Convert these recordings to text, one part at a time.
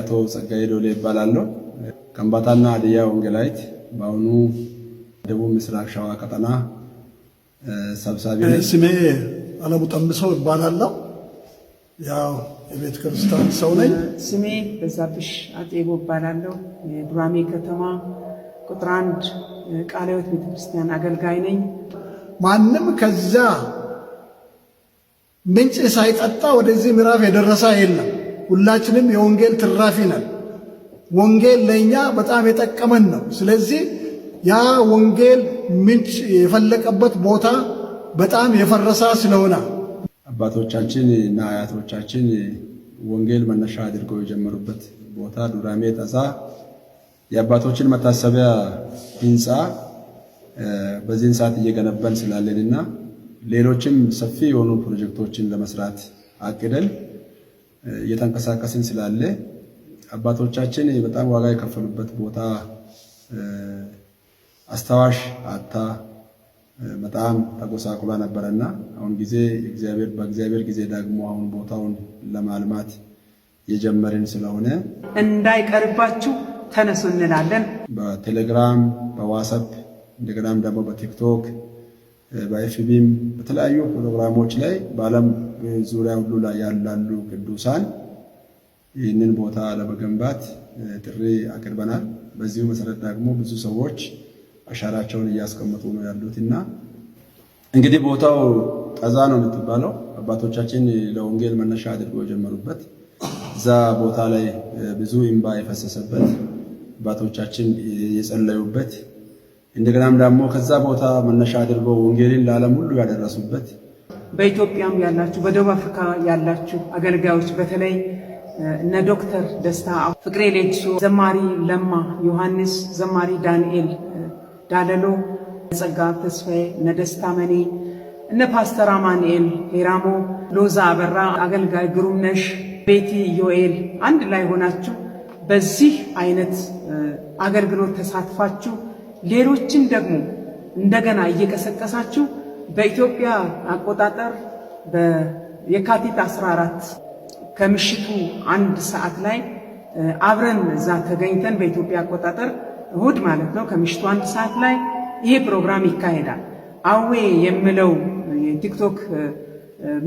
አቶ ጸጋዬ ዶሌ ይባላለሁ። ከምባታና ሀዲያ ወንጌላዊት በአሁኑ ደቡብ ምስራቅ ሸዋ ቀጠና ሰብሳቢ። ስሜ አለሙ ጠምሰው ይባላለሁ። ያው የቤተ ክርስቲያን ሰው ነኝ። ስሜ በዛብሽ አጤቦ ይባላለሁ። የዱራሜ ከተማ ቁጥር አንድ ቃለ ሕይወት ቤተ ክርስቲያን አገልጋይ ነኝ። ማንም ከዛ ምንጭ ሳይጠጣ ወደዚህ ምዕራፍ የደረሰ የለም። ሁላችንም የወንጌል ትራፊ ነን። ወንጌል ለእኛ በጣም የጠቀመን ነው። ስለዚህ ያ ወንጌል ምንጭ የፈለቀበት ቦታ በጣም የፈረሳ ስለሆነ አባቶቻችን እና አያቶቻችን ወንጌል መነሻ አድርገው የጀመሩበት ቦታ ዱራሜ ጠሳ የአባቶችን መታሰቢያ ህንፃ በዚህን ሰዓት እየገነባን ስላለንና ሌሎችም ሰፊ የሆኑ ፕሮጀክቶችን ለመስራት አቅደን እየተንቀሳቀስን ስላለ አባቶቻችን በጣም ዋጋ የከፈሉበት ቦታ አስታዋሽ አታ በጣም ተጎሳቁላ ነበረና አሁን ጊዜ እግዚአብሔር በእግዚአብሔር ጊዜ ደግሞ አሁን ቦታውን ለማልማት የጀመርን ስለሆነ እንዳይቀርባችሁ ተነሱ እንላለን። በቴሌግራም በዋትስአፕ እንደገናም ደግሞ በቲክቶክ በኤፍቢም በተለያዩ ፕሮግራሞች ላይ በዓለም ዙሪያ ሁሉ ላይ ያላሉ ቅዱሳን ይህንን ቦታ ለመገንባት ጥሪ አቅርበናል። በዚሁ መሰረት ደግሞ ብዙ ሰዎች አሻራቸውን እያስቀመጡ ነው ያሉት እና እንግዲህ ቦታው ጠዛ ነው የምትባለው አባቶቻችን ለወንጌል መነሻ አድርጎ የጀመሩበት እዛ ቦታ ላይ ብዙ እምባ የፈሰሰበት አባቶቻችን የጸለዩበት እንደገናም ደግሞ ከዛ ቦታ መነሻ አድርገው ወንጌልን ለዓለም ሁሉ ያደረሱበት በኢትዮጵያም ያላችሁ በደቡብ አፍሪካ ያላችሁ አገልጋዮች በተለይ እነ ዶክተር ደስታ ፍቅሬ ሌንሶ፣ ዘማሪ ለማ ዮሐንስ፣ ዘማሪ ዳንኤል ዳለሎ፣ ጸጋ ተስፋዬ፣ እነ ደስታ መኔ፣ እነ ፓስተር አማንኤል ሄራሞ፣ ሎዛ አበራ፣ አገልጋይ ግሩምነሽ፣ ቤቲ ዮኤል አንድ ላይ ሆናችሁ በዚህ አይነት አገልግሎት ተሳትፋችሁ ሌሎችን ደግሞ እንደገና እየቀሰቀሳችሁ በኢትዮጵያ አቆጣጠር የካቲት 14 ከምሽቱ አንድ ሰዓት ላይ አብረን እዛ ተገኝተን በኢትዮጵያ አቆጣጠር እሁድ ማለት ነው ከምሽቱ አንድ ሰዓት ላይ ይሄ ፕሮግራም ይካሄዳል። አዌ የምለው የቲክቶክ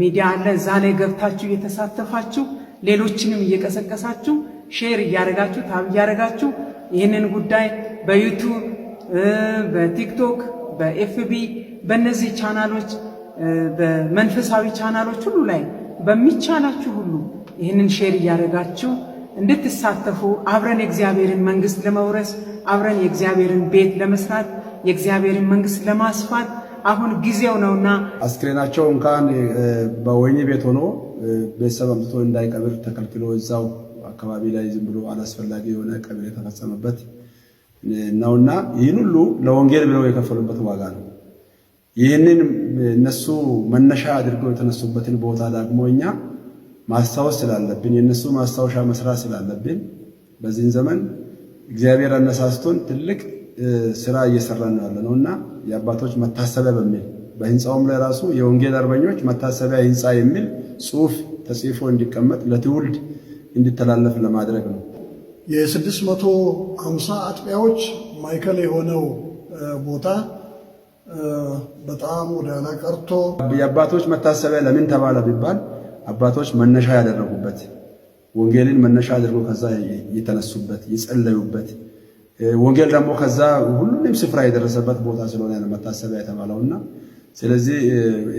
ሚዲያ አለ። እዛ ላይ ገብታችሁ እየተሳተፋችሁ ሌሎችንም እየቀሰቀሳችሁ ሼር እያደረጋችሁ ታብ እያደረጋችሁ ይህንን ጉዳይ በዩቱብ በቲክቶክ፣ በኤፍቢ በእነዚህ ቻናሎች፣ በመንፈሳዊ ቻናሎች ሁሉ ላይ በሚቻላችሁ ሁሉ ይህንን ሼር እያደረጋችሁ እንድትሳተፉ አብረን የእግዚአብሔርን መንግስት ለመውረስ አብረን የእግዚአብሔርን ቤት ለመስራት የእግዚአብሔርን መንግስት ለማስፋት አሁን ጊዜው ነውና አስክሬናቸው እንኳን በወህኒ ቤት ሆኖ ቤተሰብ አምጥቶ እንዳይቀብር ተከልክሎ እዛው አካባቢ ላይ ዝም ብሎ አላስፈላጊ የሆነ ቀብር የተፈጸመበት ነውና ይህን ሁሉ ለወንጌል ብለው የከፈሉበት ዋጋ ነው። ይህንን እነሱ መነሻ አድርገው የተነሱበትን ቦታ ደግሞ እኛ ማስታወስ ስላለብን የእነሱ ማስታወሻ መስራት ስላለብን በዚህን ዘመን እግዚአብሔር አነሳስቶን ትልቅ ስራ እየሰራ ነው ያለ ነው እና የአባቶች መታሰቢያ በሚል በህንፃውም ላይ ራሱ የወንጌል አርበኞች መታሰቢያ ህንፃ የሚል ጽሁፍ ተጽፎ እንዲቀመጥ ለትውልድ እንዲተላለፍ ለማድረግ ነው። መቶ 650 አጥቢያዎች ማዕከል የሆነው ቦታ በጣም ወደ ኋላ ቀርቶ የአባቶች መታሰቢያ ለምን ተባለ ቢባል አባቶች መነሻ ያደረጉበት ወንጌልን መነሻ አድርጎ ከዛ የተነሱበት የጸለዩበት ወንጌል ደግሞ ከዛ ሁሉም ስፍራ የደረሰበት ቦታ ስለሆነ መታሰቢያ እና ስለዚህ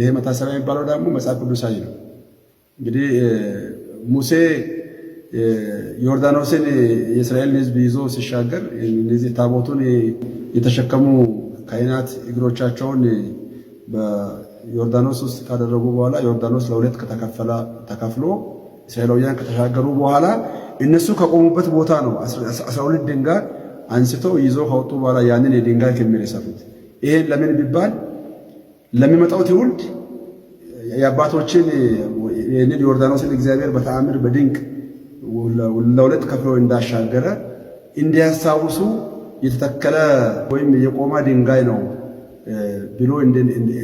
ይሄ መታሰቢያ የሚባለው ደግሞ መጽሐፍ ቅዱሳዊ ነው። እንግዲህ ሙሴ ዮርዳኖስን የእስራኤልን ህዝብ ይዞ ሲሻገር እነዚህ ታቦቱን የተሸከሙ ካህናት እግሮቻቸውን በዮርዳኖስ ውስጥ ካደረጉ በኋላ ዮርዳኖስ ለሁለት ተከፍሎ እስራኤላውያን ከተሻገሩ በኋላ እነሱ ከቆሙበት ቦታ ነው አስራ ሁለት ድንጋይ አንስቶ ይዞ ከወጡ በኋላ ያንን የድንጋይ ክምር የሰሩት። ይሄን ለምን ቢባል ለሚመጣው ትውልድ የአባቶችን ይህንን ዮርዳኖስን እግዚአብሔር በተአምር በድንቅ ለሁለት ከፍሎ እንዳሻገረ እንዲያስታውሱ የተተከለ ወይም የቆመ ድንጋይ ነው ብሎ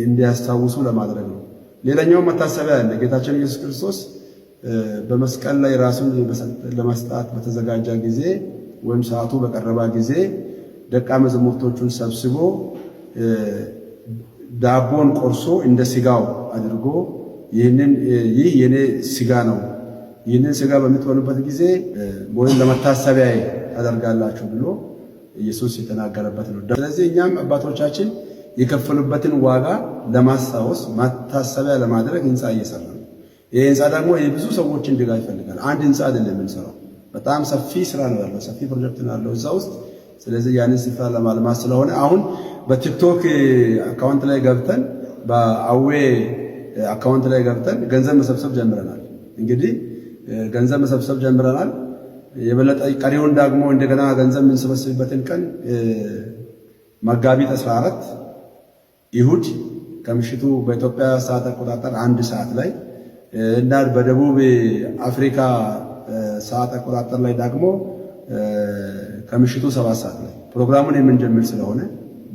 እንዲያስታውሱ ለማድረግ ነው። ሌላኛው መታሰቢያ ያለ ጌታችን ኢየሱስ ክርስቶስ በመስቀል ላይ ራሱን ለመስጣት በተዘጋጀ ጊዜ ወይም ሰዓቱ በቀረባ ጊዜ ደቀ መዛሙርቶቹን ሰብስቦ ዳቦን ቆርሶ እንደ ስጋው አድርጎ ይህንን ይህ የኔ ስጋ ነው ይህንን ስጋ በምትበሉበት ጊዜ ወይም ለመታሰቢያ ታደርጋላችሁ ብሎ ኢየሱስ የተናገረበት ነው። ስለዚህ እኛም አባቶቻችን የከፈሉበትን ዋጋ ለማስታወስ ማታሰቢያ ለማድረግ ህንፃ እየሰራ ነው። ይህ ህንፃ ደግሞ የብዙ ሰዎችን ድጋፍ ይፈልጋል። አንድ ህንፃ አይደለም የምንሰራው፣ በጣም ሰፊ ስራ ነው ያለው፣ ሰፊ ፕሮጀክት ነው ያለው እዛ ውስጥ። ስለዚህ ያንን ስፍራ ለማልማት ስለሆነ አሁን በቲክቶክ አካውንት ላይ ገብተን በአዌ አካውንት ላይ ገብተን ገንዘብ መሰብሰብ ጀምረናል እንግዲህ ገንዘብ መሰብሰብ ጀምረናል። የበለጠ ቀሪውን ደግሞ እንደገና ገንዘብ የምንሰበስብበትን ቀን መጋቢት 14 ይሁድ ከምሽቱ በኢትዮጵያ ሰዓት አቆጣጠር አንድ ሰዓት ላይ እና በደቡብ አፍሪካ ሰዓት አቆጣጠር ላይ ደግሞ ከምሽቱ ሰባት ሰዓት ላይ ፕሮግራሙን የምንጀምር ስለሆነ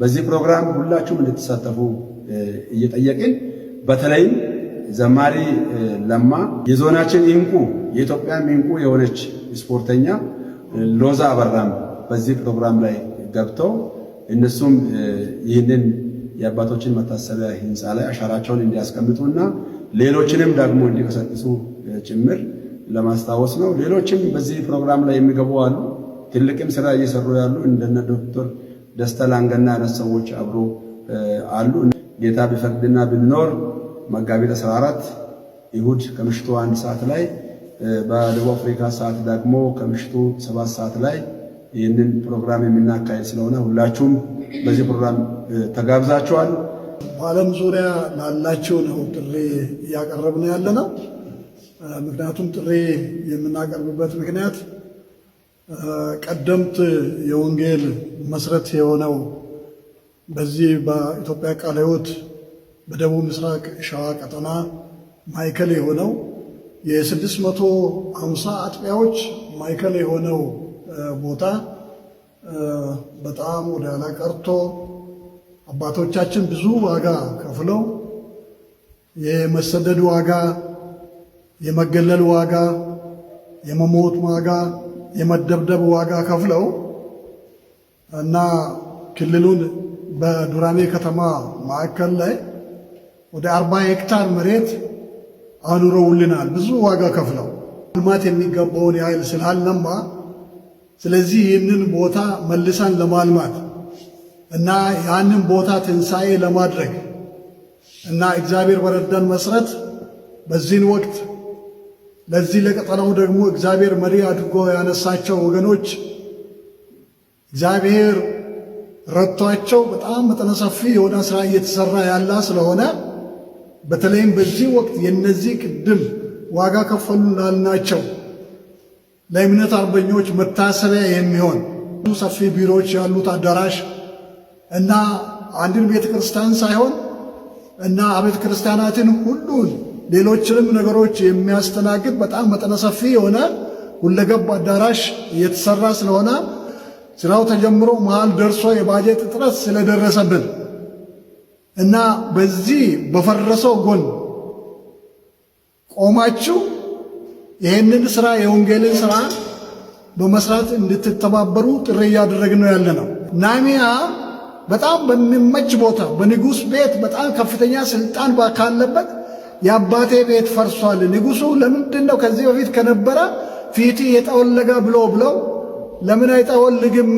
በዚህ ፕሮግራም ሁላችሁም እንድትሳተፉ እየጠየቅን በተለይም ዘማሪ ለማ የዞናችን ይንቁ የኢትዮጵያ ሚንቁ የሆነች ስፖርተኛ ሎዛ አበራም በዚህ ፕሮግራም ላይ ገብተው እነሱም ይህንን የአባቶችን መታሰቢያ ህንፃ ላይ አሻራቸውን እንዲያስቀምጡ እና ሌሎችንም ደግሞ እንዲቀሰቅሱ ጭምር ለማስታወስ ነው። ሌሎችም በዚህ ፕሮግራም ላይ የሚገቡ አሉ። ትልቅም ስራ እየሰሩ ያሉ እንደነ ዶክተር ደስታ ላንገና ያነት ሰዎች አብሮ አሉ። ጌታ ቢፈቅድና ብንኖር መጋቢት 14 ይሁድ ከምሽቱ አንድ ሰዓት ላይ በደቡብ አፍሪካ ሰዓት ደግሞ ከምሽቱ ሰባት ሰዓት ላይ ይህንን ፕሮግራም የምናካሄድ ስለሆነ ሁላችሁም በዚህ ፕሮግራም ተጋብዛችኋል። በዓለም ዙሪያ ላላቸው ነው ጥሪ እያቀረብን ያለ ነው። ምክንያቱም ጥሪ የምናቀርብበት ምክንያት ቀደምት የወንጌል መስረት የሆነው በዚህ በኢትዮጵያ ቃለ ሕይወት በደቡብ ምስራቅ ሸዋ ቀጠና ማዕከል የሆነው መቶ 650 አጥቢያዎች ማዕከል የሆነው ቦታ በጣም ወደ ኋላ ቀርቶ አባቶቻችን ብዙ ዋጋ ከፍለው የመሰደድ ዋጋ፣ የመገለል ዋጋ፣ የመሞት ዋጋ፣ የመደብደብ ዋጋ ከፍለው እና ክልሉን በዱራሜ ከተማ ማዕከል ላይ ወደ አርባ ሄክታር መሬት አኑረውልናል። ብዙ ዋጋ ከፍለው ልማት የሚገባውን ያህል ስላልነማ፣ ስለዚህ ይህንን ቦታ መልሰን ለማልማት እና ያንን ቦታ ትንሣኤ ለማድረግ እና እግዚአብሔር በረዳን መሰረት በዚህን ወቅት ለዚህ ለቀጠናው ደግሞ እግዚአብሔር መሪ አድርጎ ያነሳቸው ወገኖች እግዚአብሔር ረድቷቸው በጣም መጠነ ሰፊ የሆነ ስራ እየተሰራ ያላ ስለሆነ በተለይም በዚህ ወቅት የነዚህ ቅድም ዋጋ ከፈሉ ላልናቸው ለእምነት አርበኞች መታሰቢያ የሚሆን ሰፊ ቢሮዎች ያሉት አዳራሽ እና አንድን ቤተ ክርስቲያን ሳይሆን እና አቤተ ክርስቲያናትን ሁሉን ሌሎችንም ነገሮች የሚያስተናግድ በጣም መጠነ ሰፊ የሆነ ሁለገብ አዳራሽ እየተሰራ ስለሆነ ስራው ተጀምሮ መሀል ደርሶ የባጀት እጥረት ስለደረሰብን እና በዚህ በፈረሰው ጎን ቆማችሁ ይህንን ስራ የወንጌልን ስራ በመስራት እንድትተባበሩ ጥሪ እያደረግን ነው ያለ ነው። ናሚያ በጣም በሚመች ቦታ በንጉሥ ቤት በጣም ከፍተኛ ስልጣን ባካለበት የአባቴ ቤት ፈርሷል፣ ንጉሱ ለምንድን ነው ከዚህ በፊት ከነበረ ፊት የጠወለገ ብሎ ብለው ለምን አይጠወልግም?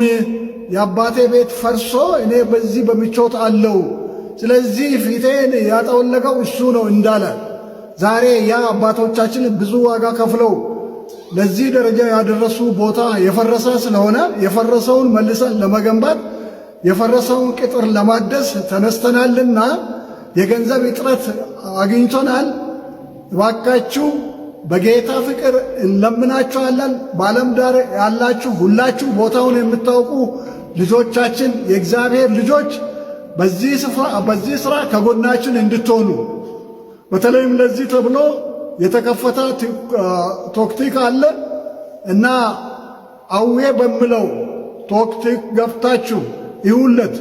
የአባቴ ቤት ፈርሶ እኔ በዚህ በምቾት አለው ስለዚህ ፊቴን ያጠወለቀው እሱ ነው እንዳለ ዛሬ ያ አባቶቻችን ብዙ ዋጋ ከፍለው ለዚህ ደረጃ ያደረሱ ቦታ የፈረሰ ስለሆነ የፈረሰውን መልሰን ለመገንባት የፈረሰውን ቅጥር ለማደስ ተነስተናልና የገንዘብ እጥረት አግኝቶናል። እባካችሁ በጌታ ፍቅር እንለምናችኋለን። በዓለም ዳር ያላችሁ ሁላችሁ ቦታውን የምታውቁ ልጆቻችን የእግዚአብሔር ልጆች በዚህ ስራ ከጎናችን እንድትሆኑ በተለይም ለዚህ ተብሎ የተከፈተ ቶክቲክ አለ እና አዌ በሚለው ቶክቲክ ገብታችሁ ይውለት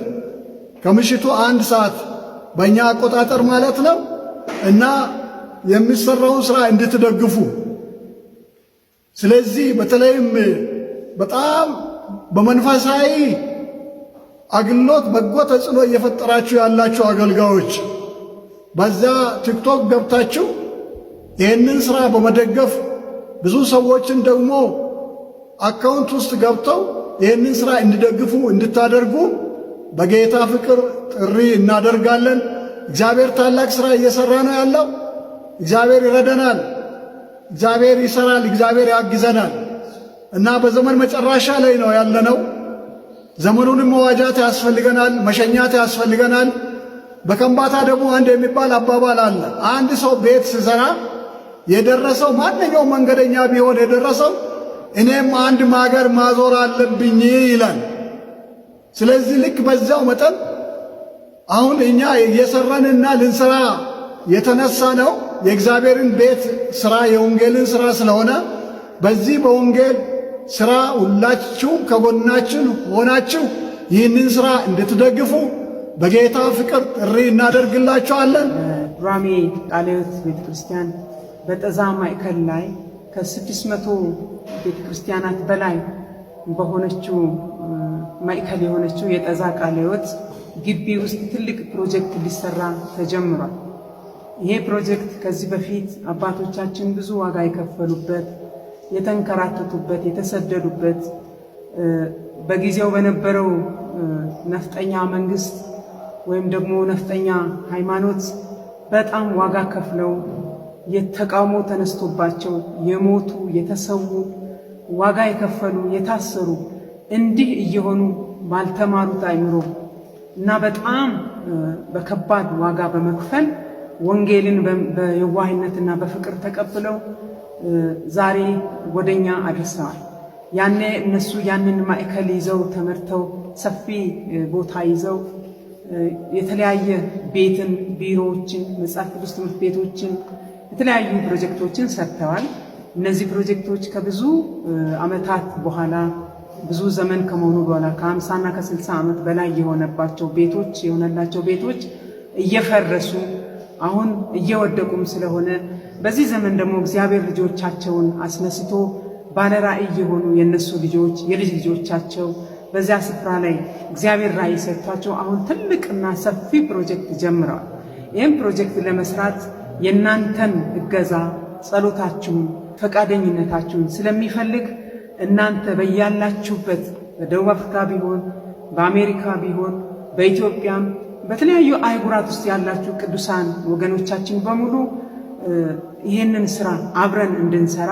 ከምሽቱ አንድ ሰዓት በእኛ አቆጣጠር ማለት ነው እና የሚሰራውን ስራ እንድትደግፉ። ስለዚህ በተለይም በጣም በመንፈሳዊ አግሎት በጎ ተጽዕኖ እየፈጠራችሁ ያላችሁ አገልጋዮች በዛ ቲክቶክ ገብታችሁ ይህንን ስራ በመደገፍ ብዙ ሰዎችን ደግሞ አካውንት ውስጥ ገብተው ይህንን ስራ እንዲደግፉ እንድታደርጉ በጌታ ፍቅር ጥሪ እናደርጋለን። እግዚአብሔር ታላቅ ስራ እየሰራ ነው ያለው። እግዚአብሔር ይረደናል፣ እግዚአብሔር ይሰራል፣ እግዚአብሔር ያግዘናል እና በዘመን መጨረሻ ላይ ነው ያለነው። ዘመኑንም መዋጃት ያስፈልገናል፣ መሸኛት ያስፈልገናል። በከንባታ ደግሞ አንድ የሚባል አባባል አለ። አንድ ሰው ቤት ሲሰራ የደረሰው ማንኛውም መንገደኛ ቢሆን የደረሰው እኔም አንድ ማገር ማዞር አለብኝ ይላል። ስለዚህ ልክ በዚያው መጠን አሁን እኛ እየሰራንና ልንሰራ የተነሳ ነው የእግዚአብሔርን ቤት ስራ የወንጌልን ስራ ስለሆነ በዚህ በወንጌል ስራ ሁላችሁም ከጎናችን ሆናችሁ ይህንን ስራ እንድትደግፉ በጌታ ፍቅር ጥሪ እናደርግላችኋለን። ዱራሜ ቃልዮት ቤተ ክርስቲያን በጠዛ ማዕከል ላይ ከስድስት መቶ ቤተ ክርስቲያናት በላይ በሆነችው ማዕከል የሆነችው የጠዛ ቃልዮት ግቢ ውስጥ ትልቅ ፕሮጀክት ሊሰራ ተጀምሯል። ይሄ ፕሮጀክት ከዚህ በፊት አባቶቻችን ብዙ ዋጋ የከፈሉበት የተንከራተቱበት የተሰደዱበት በጊዜው በነበረው ነፍጠኛ መንግስት ወይም ደግሞ ነፍጠኛ ሃይማኖት በጣም ዋጋ ከፍለው የተቃውሞ ተነስቶባቸው የሞቱ የተሰዉ ዋጋ የከፈሉ የታሰሩ እንዲህ እየሆኑ ባልተማሩት አይምሮ እና በጣም በከባድ ዋጋ በመክፈል ወንጌልን በየዋህነትና በፍቅር ተቀብለው ዛሬ ወደኛ አድርሰዋል። ያኔ እነሱ ያንን ማዕከል ይዘው ተመርተው ሰፊ ቦታ ይዘው የተለያየ ቤትን፣ ቢሮዎችን፣ መጽሐፍ ቅዱስ ትምህርት ቤቶችን፣ የተለያዩ ፕሮጀክቶችን ሰርተዋል። እነዚህ ፕሮጀክቶች ከብዙ ዓመታት በኋላ ብዙ ዘመን ከመሆኑ በኋላ ከ50 እና ከ60 ዓመት በላይ የሆነባቸው ቤቶች የሆነላቸው ቤቶች እየፈረሱ አሁን እየወደቁም ስለሆነ በዚህ ዘመን ደግሞ እግዚአብሔር ልጆቻቸውን አስነስቶ ባለራእይ የሆኑ የእነሱ ልጆች የልጅ ልጆቻቸው በዚያ ስፍራ ላይ እግዚአብሔር ራእይ ሰጥቷቸው አሁን ትልቅና ሰፊ ፕሮጀክት ጀምረዋል። ይህም ፕሮጀክት ለመስራት የእናንተን እገዛ፣ ጸሎታችሁን፣ ፈቃደኝነታችሁን ስለሚፈልግ እናንተ በያላችሁበት በደቡብ አፍሪካ ቢሆን በአሜሪካ ቢሆን በኢትዮጵያም በተለያዩ አህጉራት ውስጥ ያላችሁ ቅዱሳን ወገኖቻችን በሙሉ ይህንን ስራ አብረን እንድንሰራ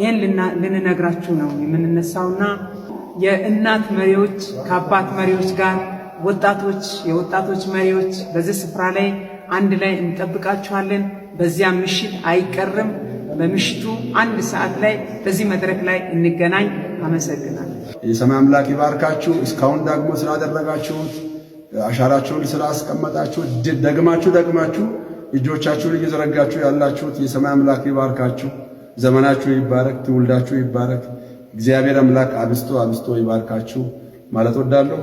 ይህን ልንነግራችሁ ነው የምንነሳውና የእናት መሪዎች ከአባት መሪዎች ጋር ወጣቶች፣ የወጣቶች መሪዎች በዚህ ስፍራ ላይ አንድ ላይ እንጠብቃችኋለን። በዚያ ምሽት አይቀርም። በምሽቱ አንድ ሰዓት ላይ በዚህ መድረክ ላይ እንገናኝ። አመሰግናል። የሰማይ አምላክ ይባርካችሁ። እስካሁን ደግሞ ስላደረጋችሁት አሻራችሁን ስላስቀመጣችሁ ደግማችሁ ደግማችሁ እጆቻችሁን እየዘረጋችሁ ያላችሁት የሰማይ አምላክ ይባርካችሁ። ዘመናችሁ ይባረክ፣ ትውልዳችሁ ይባረክ። እግዚአብሔር አምላክ አብስቶ አብስቶ ይባርካችሁ ማለት ወዳለሁ።